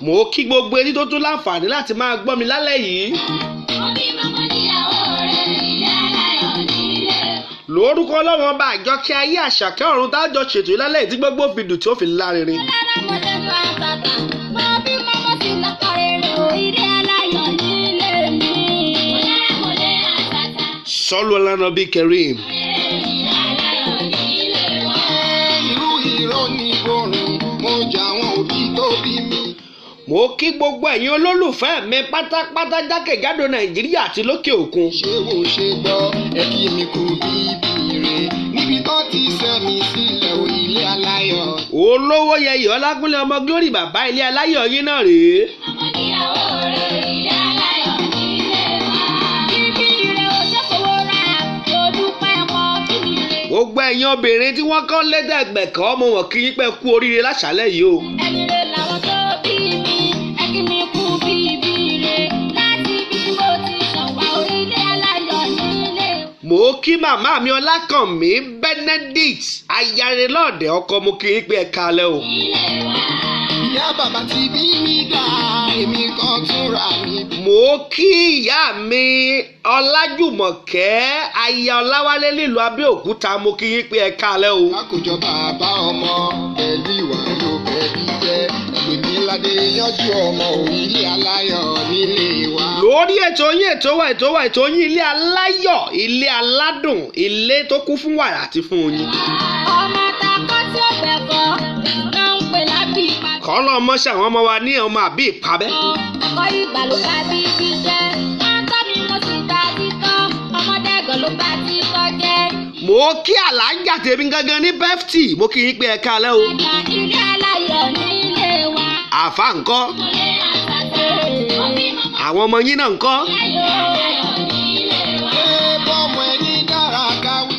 mo kí gbogbo etí tó tún láǹfààní láti máa gbọ́ mi lálẹ́ yìí. lórúkọ ọlọ́run ọba àjọkẹ́ ayé àṣàkẹ́ ọ̀run tá a jọ ṣètò ìlàlẹ́ ìdí gbogbo fìdù tí ó fi lárinrin. sọ́lù ọlọ́run bíi kẹrin. mo kí gbogbo ẹ̀yin olólùfẹ́ mi pátápátá jákèjádò nàìjíríà àti lókè òkun. ṣé o ṣe gbọ́ ẹ kí mi kú bíbí rè níbi tó ti sẹ́ mi sílẹ̀ o ilé aláyọ̀. olówó yẹyẹ ọlágúnlé ọmọ glory bàbá ilé aláyọ̀ yín náà rèé. gbogbo ẹ̀yin obìnrin tí wọ́n kọ́ lẹ́dẹ̀gbẹ̀kọ́ mo wọ̀n kí yín pẹ́ kú oríire láṣálẹ̀ yìí o. ẹni kí màmá mi ọlákànmí benedict ayarelọ́ọ̀dẹ ọkọ mo kiri pé ẹ kalẹ̀ o. ìyá bàbá ti bí mi dá èmi kan túra mi. mo kí ìyá mi ọlájùmọ̀kẹ́ aya ọláwálé nílùú abẹ́òkúta mo kiri pé ẹ kalẹ̀ o. lákòjọ bàbá ọmọ lè yanjú ọmọ òun ilé aláyọ̀ nílé wa. lórí ètò yín ètò wa ètò wa ètò yín ilé aláyọ̀ ilé aládùn ilé tó kún fún wàrà àti fún oyin. ọmọ takọ tí ó gbẹ̀kọ́ ló ń pè lábì ìpàdé. kọ́ lọ́ọ́ mọ́ṣẹ́ àwọn ọmọ wa ní ọmọ àbí ìpàbẹ́. ọkọ ìgbà ló bá bí ibi iṣẹ́ máa mi mo sì ta títọ́ ọmọdé gan ló bá ti kọ́ jẹ́. mo kí àlàájá tèmi gangan ní bẹ́fìtì mo kí yín pé ẹ̀ka alẹ́ o. ẹ̀ka ilé aláyọ̀ ni àfa ńkọ́ àwọn ọmọ yín náà ńkọ́.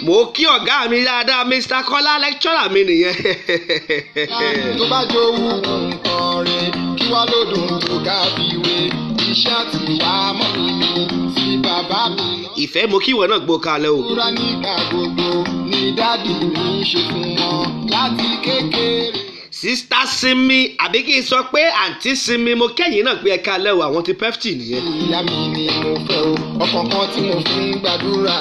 mo kí ọ̀gá mi dáadáa Mr. Kọ́lá lecturer mi nìyẹn. tó bá jó wù nǹkan rẹ̀ kí wá ló dùn tó ká fi iṣẹ́ àtiwá mọ́ mi sí bàbá mi. ìfẹ́ mo kí ìwọ náà gbó kalẹ̀ o. ìrora nígbà gbogbo ni dáàdi mi ṣe fún wọn láti kékeré sista sinmi àbí kí n sọ pé àǹtí sinmi mo kẹ́yìn náà pé ẹ̀ka lẹ́wọ̀ àwọn ti pefti nìyẹn. ìyá mi ni mo fẹ́ o ọkọ̀ kan tí mo fi ń gbàdúrà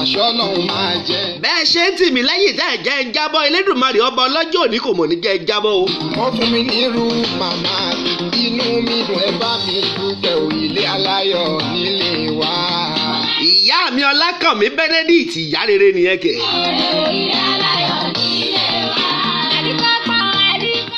àṣọ náà máa jẹ. bẹ́ẹ̀ ṣe ń tì mí lẹ́yìn tẹ́ ẹ̀ jẹ́ ń jábọ́ elédùnmarè ọba ọlọ́jọ́ òní kò mọ̀ ní jẹ́ ń jábọ́ o. wọ́n fún mi ní irú màmá inú mi dùn ẹ bá mi dúpẹ́ òyìnlé aláyọ̀ nílé wa. ìyá mi ọlákànmí Benedict ìyá rere nìyẹn kẹ̀. ọ̀rẹ́ òyìnlé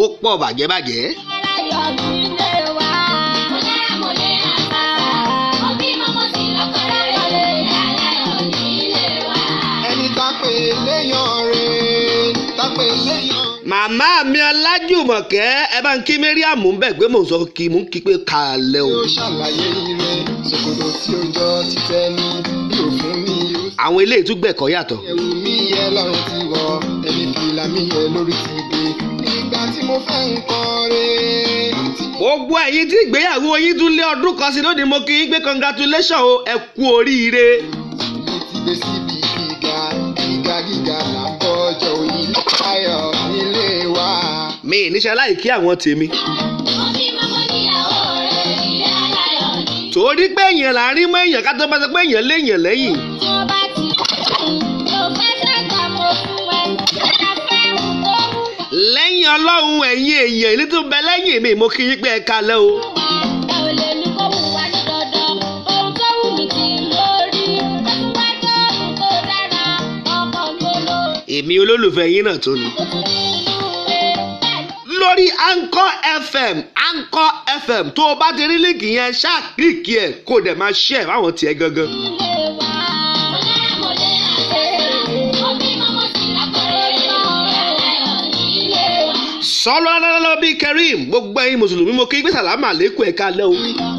ó pọ̀ bàjẹ́bàjẹ́. ẹni tá pè léyàn rè tá pè léyàn. màmá mi ọlájùmọ̀kẹ́ ẹ bá ń kí mẹ́ríàmù ń bẹ̀ gbé mò ń sọ kí mò kí pé kalẹ̀ o. yóò ṣàlàyé ire ṣòkòtò tí ó ti fẹ́ mi yóò fún mi yóò. àwọn eléyìí tún gbẹ̀kọ́ yàtọ̀. ẹ̀wù mi yẹ lọ́rùn ti wọ ẹ̀mí fìlà mi yẹ lórí ti mo fẹ́ nǹkan rẹ̀. gbogbo ẹ̀yin tí ìgbéyàwó yín tún lé ọdún kan sí lónìí mo kí yín pé congratulation o ẹ kú oríire. ilé ti gbé síbi gíga gíga gíga là ọjọ́ òyìn ayọ̀ nílé wa. mi níṣẹ́ láì kí àwọn tèmi. torí pé èèyàn là ń rí mọ́ èèyàn ká tó bá sọ pé èèyàn léèyàn lẹ́yìn. tí lẹ́yìn ọlọ́run ẹ̀yin èèyàn èyí tó bẹ lẹ́yìn mi mo kí yín pé ẹ kalẹ̀ o. èmi olólùfẹ́ yín náà tó ni. lórí anchor fm anchor fm tó o bá ti rí líǹkì yẹn ṣáà kílìkì ẹ̀ kó o dẹ̀ máa ṣe ẹ̀ fáwọn tiẹ̀ gangan. sọ́lọ́ lọ́lọ́ bíi Karim gbogbo ẹ̀yin mùsùlùmí mo kí gbé sàlámà lẹ́kọ̀ọ́ ẹ̀ka lẹ́ o.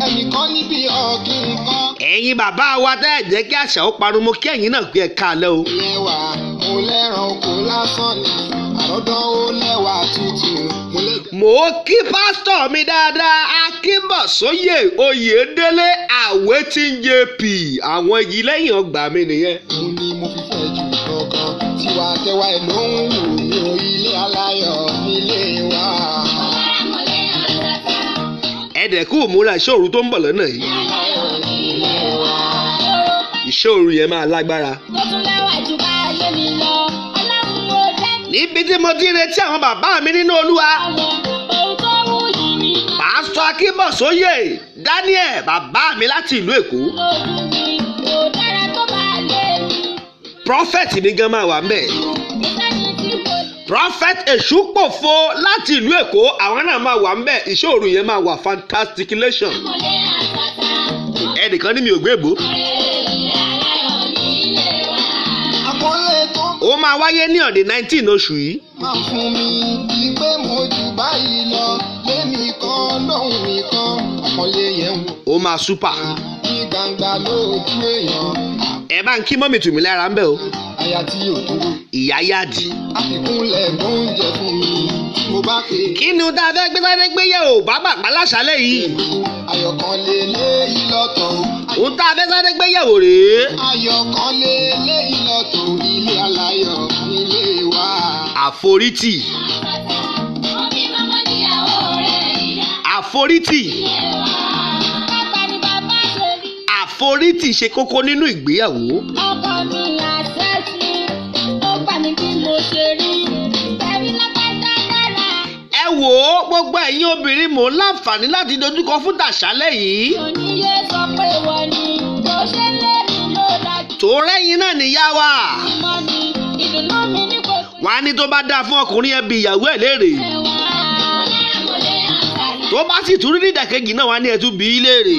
ẹnìkan níbi ọ̀gì nǹkan. ẹ̀yin bàbá wa tẹ́ ẹ̀ jẹ́ kí àṣà ó parun mo kí ẹ̀yin náà gbé ẹ̀ka lẹ́ o. lẹ́wà mo lẹ́ràn kó lásán ni àròdán ó lẹ́wà tútù. mo kí pásítọ̀ mi dáadáa akínbọ̀sóyè oyèdélé àwẹ̀ tí ń yé pì àwọn igi lẹ́yìn ọgbà mi nìyẹn. mo ní mo fi fẹ́ ju ọkàn tiwa aláyọ̀ ilé wa. ẹ̀dẹ̀ kú òmúra iṣẹ́ òru tó ń bọ̀ lọ́nà yìí. iṣẹ́ òru yẹn máa lágbára. níbi tí mo ti retí àwọn bàbá mi nínú olúwa. pásítọ̀ akínbọ̀sóyè Daniel bàbá mi láti ìlú Èkó. prọfẹ̀tì mi gan máa wà ń bẹ̀ prophet èṣùpòfo láti ìlú èkó àwọn náà máa wà ńbẹ ìṣòro yẹn máa wà fantastic nation ẹnìkan ní mi ò gbé bò. ó máa wáyé ní ọ̀dẹ̀ nineteen oṣù yìí. máa fún mi bíi pé mo jù báyìí lọ lémi kan lóhùn mi kan ọmọlẹ́yẹ̀ ń. ó máa súpà gbangba lójú èèyàn. ẹ bá ń kí mọ́mì tù mí lára ń bẹ̀ o. aya tí yóò dúró. ìyá yáàdì. àfikúnlẹ̀ oúnjẹ fún mi mo bá pè. kí ni tá a fẹ́ gbé sáré gbé yẹ̀ ò bá bàbá láṣálẹ̀ yìí. àyọ̀kànlé léyìí lọ́tọ̀ o. tá a fẹ́ sáré gbé yẹ̀ wò rèé. àyọ̀kànlé léyìí lọ́tọ̀ ilé aláyọ̀ nílé wa. àforítì. àforítì àforítì ṣe kókó nínú ìgbéyàwó. ọkọ mi àṣẹ sí ó bá mi bí mo ṣe rí ẹ̀rí lọ́gbẹ́dá dára. ẹ wò ó gbogbo ẹ̀yin obìnrin mò ń láǹfààní láti dojúkọ fún tàṣálẹ̀ yìí. oníyé sọ pé wọ́n ní kò ṣe lẹ́nu ló dájú. tó rẹ́yìn náà níyá wa. ìmọ̀ ni ìdùnnú mi ní kò sí. wàá ní tó bá dáa fún ọkùnrin ẹbí ìyàwó ẹ̀ léèrè. tó bá sì tún rí nídàkejì náà wàá ní ẹ bí í léèrè.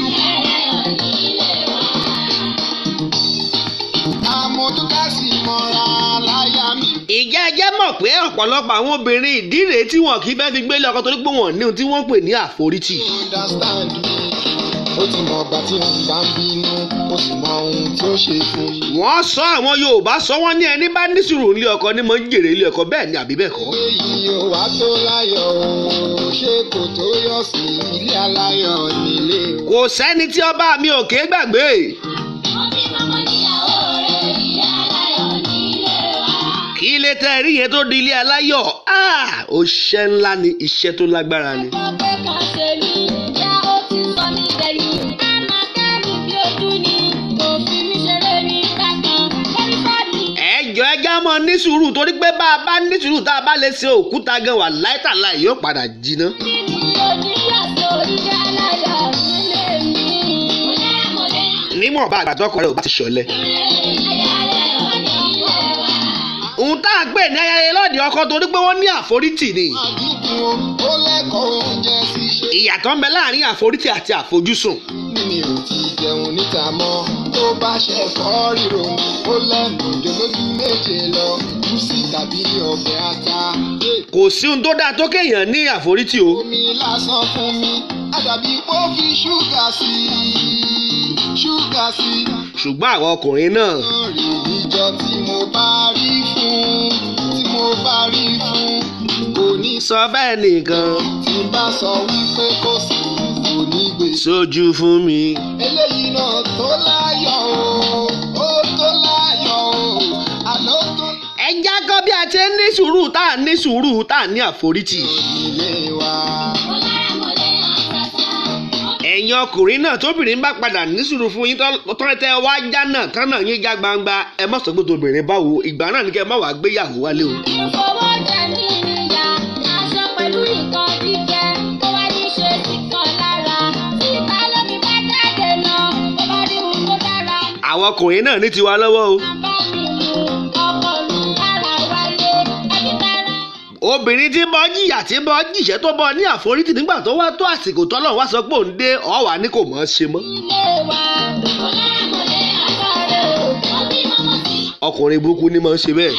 pé ọ̀pọ̀lọpọ̀ àwọn obìnrin ìdí tí wọn kì í fẹ́ fi gbélé ọkọ torí pé wọn ní ohun tí wọ́n pè ní àforítì. ó ti mọ ọgbà tí wọn bá ń bínú ó sì mọ ohun tí ó ṣe fún wọ́n sọ àwọn Yorùbá sọ wọ́n ní ẹni bá ní sùúrù ilé ọkọ ni mo ń jèrè ilé ọkọ bẹ́ẹ̀ ni àbí bẹ́ẹ̀ kọ́. kò sẹ́ni tí ọba mi ò ké gbàgbé. tẹ́ ẹ rí yẹn tó di ilé aláyọ̀ ó ah, ṣẹ́ ńlá ni iṣẹ́ tó lágbára ni. ọbẹ̀ kan ṣe mí yá ó ti sọ mí dẹ̀yìn ká máa kẹ́rù bí ní sùúrù torí pé bá a bá ní sùúrù tá a bá lè ṣe òkúta gan wà láìtàlá yóò padà jiná. nínú ojú bá àgbàdo ọkọ rẹ̀ ò bá ti ṣọ̀lẹ tá a pè ní ayẹyẹ lọ́ọ̀dì ọkọ torí pé wọ́n ní àforítì ni. ìyàtọ̀ ń bẹ láàrin àforítì àti àfojúsùn. mi ò ti jẹun níta mọ́ tó bá ṣe fọ́ ríro mi ó lẹ́nu ìdólójú méje lọ gúúsì tàbí ọbẹ̀ ata. kò sí ohun tó dáa tó kéèyàn ní àforítì o. omi lásán fún mi àdàbí pọ́ fi ṣúgà sí i ṣúgà sí i. ṣùgbọ́n àwọn ọkùnrin náà ìjọ tí mo bá rí fún tí mo bá rí fún kò ní sọ bẹ́ẹ̀ nìkan. tí bá sọ wípé kò sí kò ní gbé. sójú fún mi. eléyìí náà tó láyọ̀ o ó tó láyọ̀ o àná tó. ẹ já kọ́ bí a ṣe ń ní sùúrù tá a ní sùúrù tá a ní àforítì. ilé wa ẹ̀yin ọkùnrin náà tóbìnrin bá padà ní sùúrù fún yín tọ́lẹ́tẹ́ wá já náà tán náà yín já gbangba ẹ má sọ pé tobìnrin báwo ìgbà náà ni kẹ́ ẹ má wàá gbéyàwó wálé o. ìfowó jẹ àwọn ọkùnrin náà ní tiwa lọ́wọ́ o. obìnrin tí mọ jìyà tí mọ jìṣẹ́ tó bọ ní àforítì nígbà tó wá tó àsìkò tọ́lọ́run wá sọ pé òun dé ọ̀wà ni kò mọ̀ ọ́ ṣe mọ́. ọkùnrin burúkú ni mọ̀ ń ṣe bẹ́ẹ̀.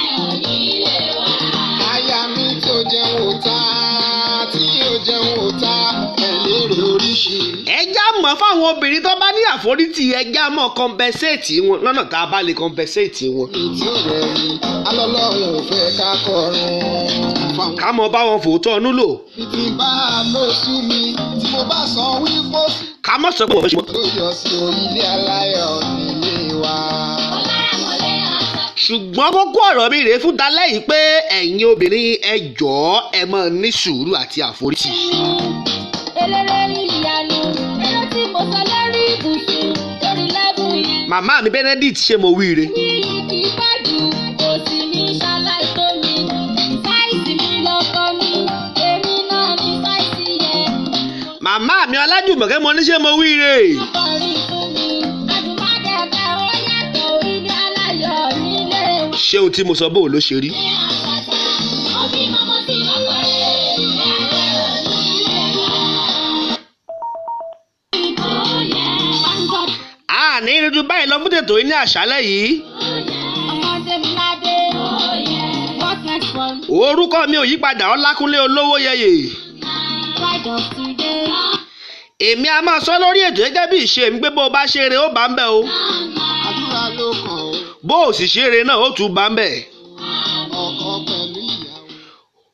ìmọ̀ràn fáwọn obìnrin tó bá ní àforítì ẹgbẹ́ àmọ́ compensate wọn lọ́nà tá a bá lè compensate wọn. ìtì rẹ̀ ni alọ́lọ́run ò fẹ́ ká kọrun. ká mọ báwọn fòótọ́ ọ̀nú lò. ìdí bá a lọ sú mi tí mo bá san wípé. ká mọ̀ sọ pé wọ́n fẹ́ ṣe wọ́n. tó yọ sí orílẹ̀ aláyọ̀ nílé wa ṣùgbọ́n kókó ọ̀rọ̀ mi rèé fún dalẹ́ yìí pé ẹ̀yin obìnrin ẹ jọ̀ọ́ ẹ máa ní sùúrù àti àforítì. eléré màmá mi Benedict ṣe mo wíire. ìrìkì bá dùn kò sí ní ṣaláì tó mi ṣáìsì mi lọkọ mi èmi náà màmá mi Ọlájùmọ̀kẹ́ mo ní ṣe wíire. ṣé o tí mo sọ bóun ló ṣe rí. ṣe ju báyìí lọ fún tètò yìí ní àṣálẹ́ yìí. orúkọ mi ò yípadà ọlákúnlé olówó yẹyẹ. èmi a máa sọ lórí ètò gẹ́gẹ́ bí ìṣe mi pé bó o bá ṣeré ó bá ń bẹ̀ o. bó o sì ṣeré náà ó tún bá ń bẹ̀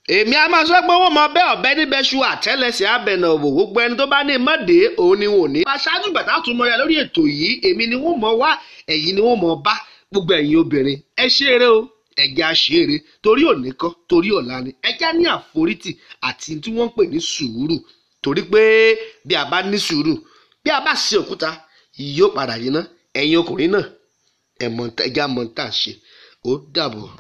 èmi a máa sọ pé wọ́n mọ bẹ́ẹ̀ ọ̀bẹ níbẹ̀ ṣu àtẹ́lẹsẹ̀ abẹ̀nà òwò gbogbo ẹni tó bá ní mọ́dé òun ni wọn ò ní. aṣáájú gbàtà tún mọ ya lórí ètò yìí èmi ni wọ́n mọ wá ẹ̀yin ni wọ́n mọ bá gbogbo ẹ̀yin obìnrin ẹ ṣe o ẹ̀jẹ̀ àṣeere torí òní kọ́ torí ọ̀la ni ẹ̀jẹ̀ ní àforítì àti tí wọ́n ń pè ní sùúrù torí pé bí a bá ní sùúrù bí a bá ṣe òkúta yóò padà yín ná ẹ̀yin ọkùnrin náà ẹ̀jẹ̀